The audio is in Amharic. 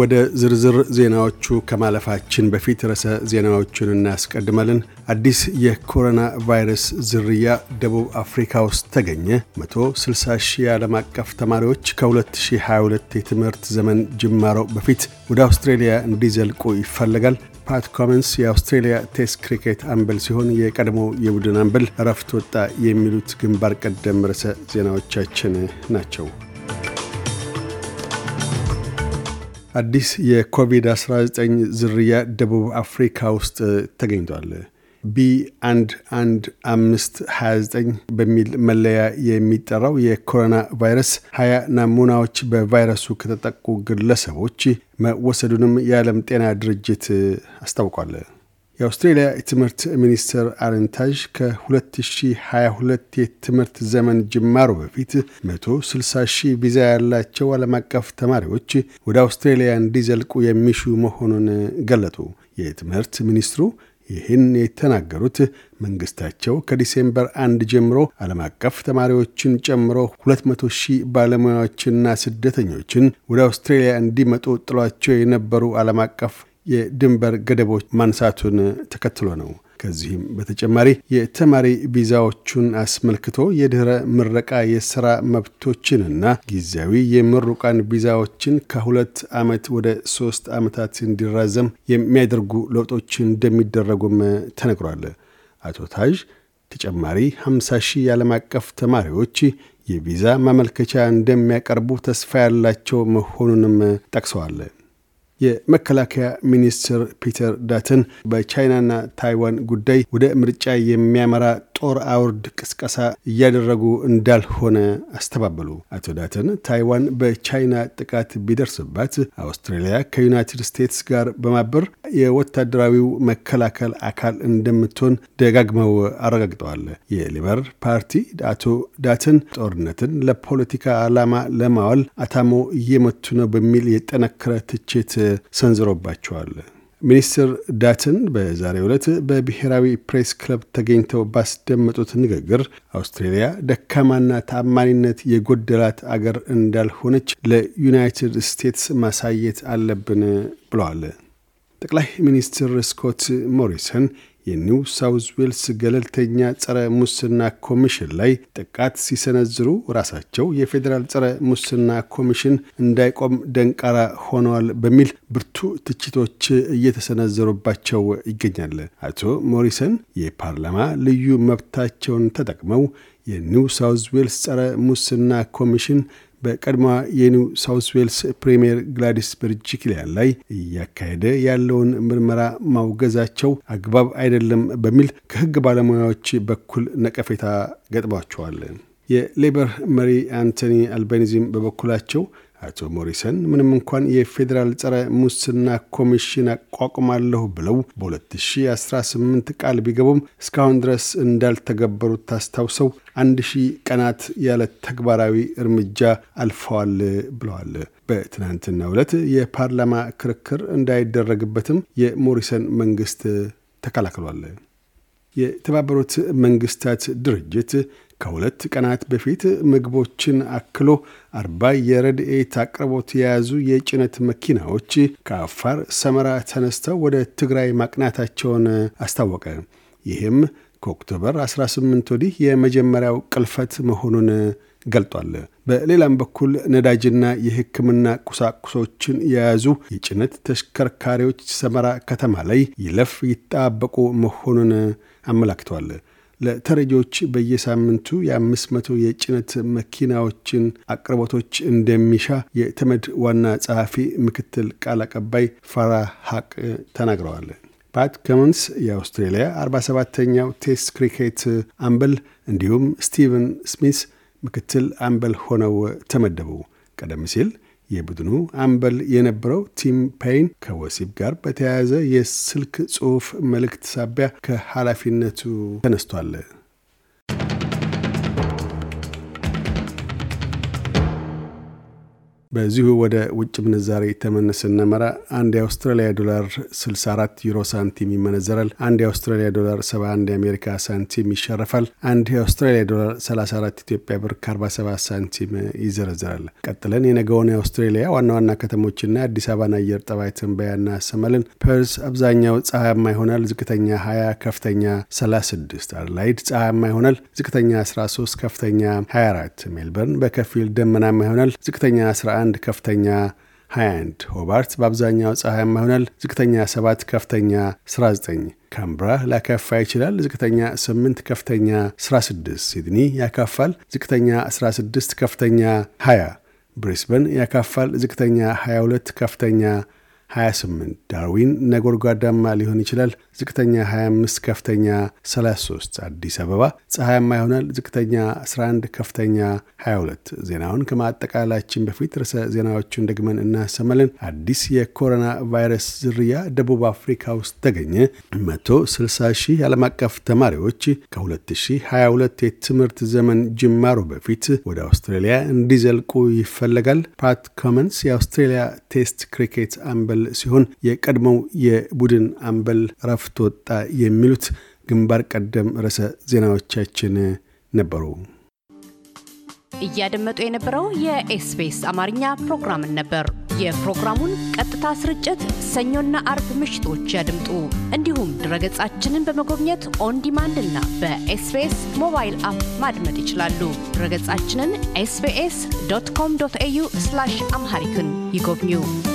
ወደ ዝርዝር ዜናዎቹ ከማለፋችን በፊት ርዕሰ ዜናዎቹን እናስቀድማለን። አዲስ የኮሮና ቫይረስ ዝርያ ደቡብ አፍሪካ ውስጥ ተገኘ። 160 ሺህ ዓለም አቀፍ ተማሪዎች ከ2022 የትምህርት ዘመን ጅማሮ በፊት ወደ አውስትሬልያ እንዲዘልቁ ይፈለጋል። ፓት ኮመንስ የአውስትሬልያ ቴስት ክሪኬት አምበል ሲሆን የቀድሞ የቡድን አምበል እረፍት ወጣ። የሚሉት ግንባር ቀደም ርዕሰ ዜናዎቻችን ናቸው። አዲስ የኮቪድ-19 ዝርያ ደቡብ አፍሪካ ውስጥ ተገኝቷል። ቢ 1 1 አምስት 29 በሚል መለያ የሚጠራው የኮሮና ቫይረስ 20 ናሙናዎች በቫይረሱ ከተጠቁ ግለሰቦች መወሰዱንም የዓለም ጤና ድርጅት አስታውቋል። የአውስትሬልያ የትምህርት ሚኒስትር አረንታዥ ከ2022 የትምህርት ዘመን ጅማሮ በፊት 160 ሺህ ቪዛ ያላቸው ዓለም አቀፍ ተማሪዎች ወደ አውስትሬልያ እንዲዘልቁ የሚሹ መሆኑን ገለጡ። የትምህርት ሚኒስትሩ ይህን የተናገሩት መንግስታቸው ከዲሴምበር አንድ ጀምሮ ዓለም አቀፍ ተማሪዎችን ጨምሮ 200 ሺህ ባለሙያዎችና ስደተኞችን ወደ አውስትሬልያ እንዲመጡ ጥሏቸው የነበሩ ዓለም አቀፍ የድንበር ገደቦች ማንሳቱን ተከትሎ ነው። ከዚህም በተጨማሪ የተማሪ ቪዛዎቹን አስመልክቶ የድኅረ ምረቃ የሥራ መብቶችንና ጊዜያዊ የምሩቃን ቪዛዎችን ከሁለት ዓመት ወደ ሦስት ዓመታት እንዲራዘም የሚያደርጉ ለውጦች እንደሚደረጉም ተነግሯል። አቶ ታዥ ተጨማሪ 50 ሺህ የዓለም አቀፍ ተማሪዎች የቪዛ ማመልከቻ እንደሚያቀርቡ ተስፋ ያላቸው መሆኑንም ጠቅሰዋል። የመከላከያ ሚኒስትር ፒተር ዳትን በቻይናና ታይዋን ጉዳይ ወደ ምርጫ የሚያመራ የጦር አውርድ ቅስቀሳ እያደረጉ እንዳልሆነ አስተባበሉ። አቶ ዳተን ታይዋን በቻይና ጥቃት ቢደርስባት አውስትራሊያ ከዩናይትድ ስቴትስ ጋር በማበር የወታደራዊው መከላከል አካል እንደምትሆን ደጋግመው አረጋግጠዋል። የሊበር ፓርቲ አቶ ዳተን ጦርነትን ለፖለቲካ ዓላማ ለማዋል አታሞ እየመቱ ነው በሚል የጠነከረ ትችት ሰንዝሮባቸዋል። ሚኒስትር ዳትን በዛሬው ዕለት በብሔራዊ ፕሬስ ክለብ ተገኝተው ባስደመጡት ንግግር አውስትሬልያ ደካማና ተአማኒነት የጎደላት አገር እንዳልሆነች ለዩናይትድ ስቴትስ ማሳየት አለብን ብለዋል። ጠቅላይ ሚኒስትር ስኮት ሞሪሰን የኒው ሳውዝ ዌልስ ገለልተኛ ጸረ ሙስና ኮሚሽን ላይ ጥቃት ሲሰነዝሩ ራሳቸው የፌዴራል ጸረ ሙስና ኮሚሽን እንዳይቆም ደንቃራ ሆነዋል በሚል ብርቱ ትችቶች እየተሰነዘሩባቸው ይገኛል። አቶ ሞሪሰን የፓርላማ ልዩ መብታቸውን ተጠቅመው የኒው ሳውዝ ዌልስ ጸረ ሙስና ኮሚሽን በቀድሞ የኒው ሳውስ ዌልስ ፕሪምየር ግላዲስ በርጅክሊያን ላይ እያካሄደ ያለውን ምርመራ ማውገዛቸው አግባብ አይደለም በሚል ከህግ ባለሙያዎች በኩል ነቀፌታ ገጥሟቸዋል። የሌበር መሪ አንቶኒ አልባኒዝም በበኩላቸው አቶ ሞሪሰን ምንም እንኳን የፌዴራል ጸረ ሙስና ኮሚሽን አቋቁማለሁ ብለው በ2018 ቃል ቢገቡም እስካሁን ድረስ እንዳልተገበሩት ታስታውሰው አንድ ሺህ ቀናት ያለ ተግባራዊ እርምጃ አልፈዋል ብለዋል። በትናንትና ዕለት የፓርላማ ክርክር እንዳይደረግበትም የሞሪሰን መንግስት ተከላክሏል። የተባበሩት መንግስታት ድርጅት ከሁለት ቀናት በፊት ምግቦችን አክሎ አርባ የረድኤት አቅርቦት የያዙ የጭነት መኪናዎች ከአፋር ሰመራ ተነስተው ወደ ትግራይ ማቅናታቸውን አስታወቀ። ይህም ከኦክቶበር 18 ወዲህ የመጀመሪያው ቅልፈት መሆኑን ገልጧል። በሌላም በኩል ነዳጅና የህክምና ቁሳቁሶችን የያዙ የጭነት ተሽከርካሪዎች ሰመራ ከተማ ላይ ይለፍ ይጣበቁ መሆኑን አመላክተዋል። ለተረጂዎች በየሳምንቱ የአምስት መቶ የጭነት መኪናዎችን አቅርቦቶች እንደሚሻ የተመድ ዋና ጸሐፊ ምክትል ቃል አቀባይ ፋራ ሀቅ ተናግረዋል። ፓት ከመንስ የአውስትሬሊያ 47ተኛው ቴስት ክሪኬት አምበል እንዲሁም ስቲቨን ስሚስ ምክትል አምበል ሆነው ተመደቡ። ቀደም ሲል የቡድኑ አምበል የነበረው ቲም ፔይን ከወሲብ ጋር በተያያዘ የስልክ ጽሑፍ መልእክት ሳቢያ ከኃላፊነቱ ተነስቷል። በዚሁ ወደ ውጭ ምንዛሪ ተመን ስነመራ አንድ የአውስትራሊያ ዶላር 64 ዩሮ ሳንቲም ይመነዘራል። አንድ የአውስትራሊያ ዶላር 71 የአሜሪካ ሳንቲም ይሸረፋል። አንድ የአውስትራሊያ ዶላር 34 ኢትዮጵያ ብር ከ47 ሳንቲም ይዘረዝራል። ቀጥለን የነገውን የአውስትሬሊያ ዋና ዋና ከተሞችና አዲስ አበባን አየር ጠባይ ትንበያ እናሰማለን። ፐርስ አብዛኛው ፀሐያማ ይሆናል። ዝቅተኛ 20፣ ከፍተኛ 36። አድላይድ ፀሐያማ ይሆናል። ዝቅተኛ 13፣ ከፍተኛ 24። ሜልበርን በከፊል ደመናማ ይሆናል። ዝቅተኛ 11 21 ከፍተኛ 21 ሆባርት በአብዛኛው ፀሐያማ ይሆናል። ዝቅተኛ 7 ከፍተኛ 19 ካምብራ ላካፋ ይችላል። ዝቅተኛ 8 ከፍተኛ 16 ሲድኒ ያካፋል። ዝቅተኛ 16 ከፍተኛ 20 ብሪስበን ያካፋል። ዝቅተኛ 22 ከፍተኛ 28 ዳርዊን ነጎድጓዳማ ሊሆን ይችላል። ዝቅተኛ 25 ከፍተኛ 33 አዲስ አበባ ፀሐያማ ይሆናል። ዝቅተኛ 11 ከፍተኛ 22 ዜናውን ከማጠቃላችን በፊት ርዕሰ ዜናዎቹን ደግመን እናሰማለን። አዲስ የኮሮና ቫይረስ ዝርያ ደቡብ አፍሪካ ውስጥ ተገኘ። 160 ሺህ ዓለም አቀፍ ተማሪዎች ከ2022 የትምህርት ዘመን ጅማሩ በፊት ወደ አውስትራሊያ እንዲዘልቁ ይፈለጋል። ፓት ኮመንስ የአውስትራሊያ ቴስት ክሪኬት አንበል ሲሆን የቀድሞው የቡድን አምበል ረፍት ወጣ የሚሉት ግንባር ቀደም ርዕሰ ዜናዎቻችን ነበሩ። እያደመጡ የነበረው የኤስቢኤስ አማርኛ ፕሮግራምን ነበር። የፕሮግራሙን ቀጥታ ስርጭት ሰኞና አርብ ምሽቶች ያድምጡ። እንዲሁም ድረገጻችንን በመጎብኘት ኦን እና በኤስቢኤስ ሞባይል አፕ ማድመጥ ይችላሉ። ድረገጻችንን ኤስቢኤስ ዶት ኮም ዶት ኤዩ አምሃሪክን ይጎብኙ።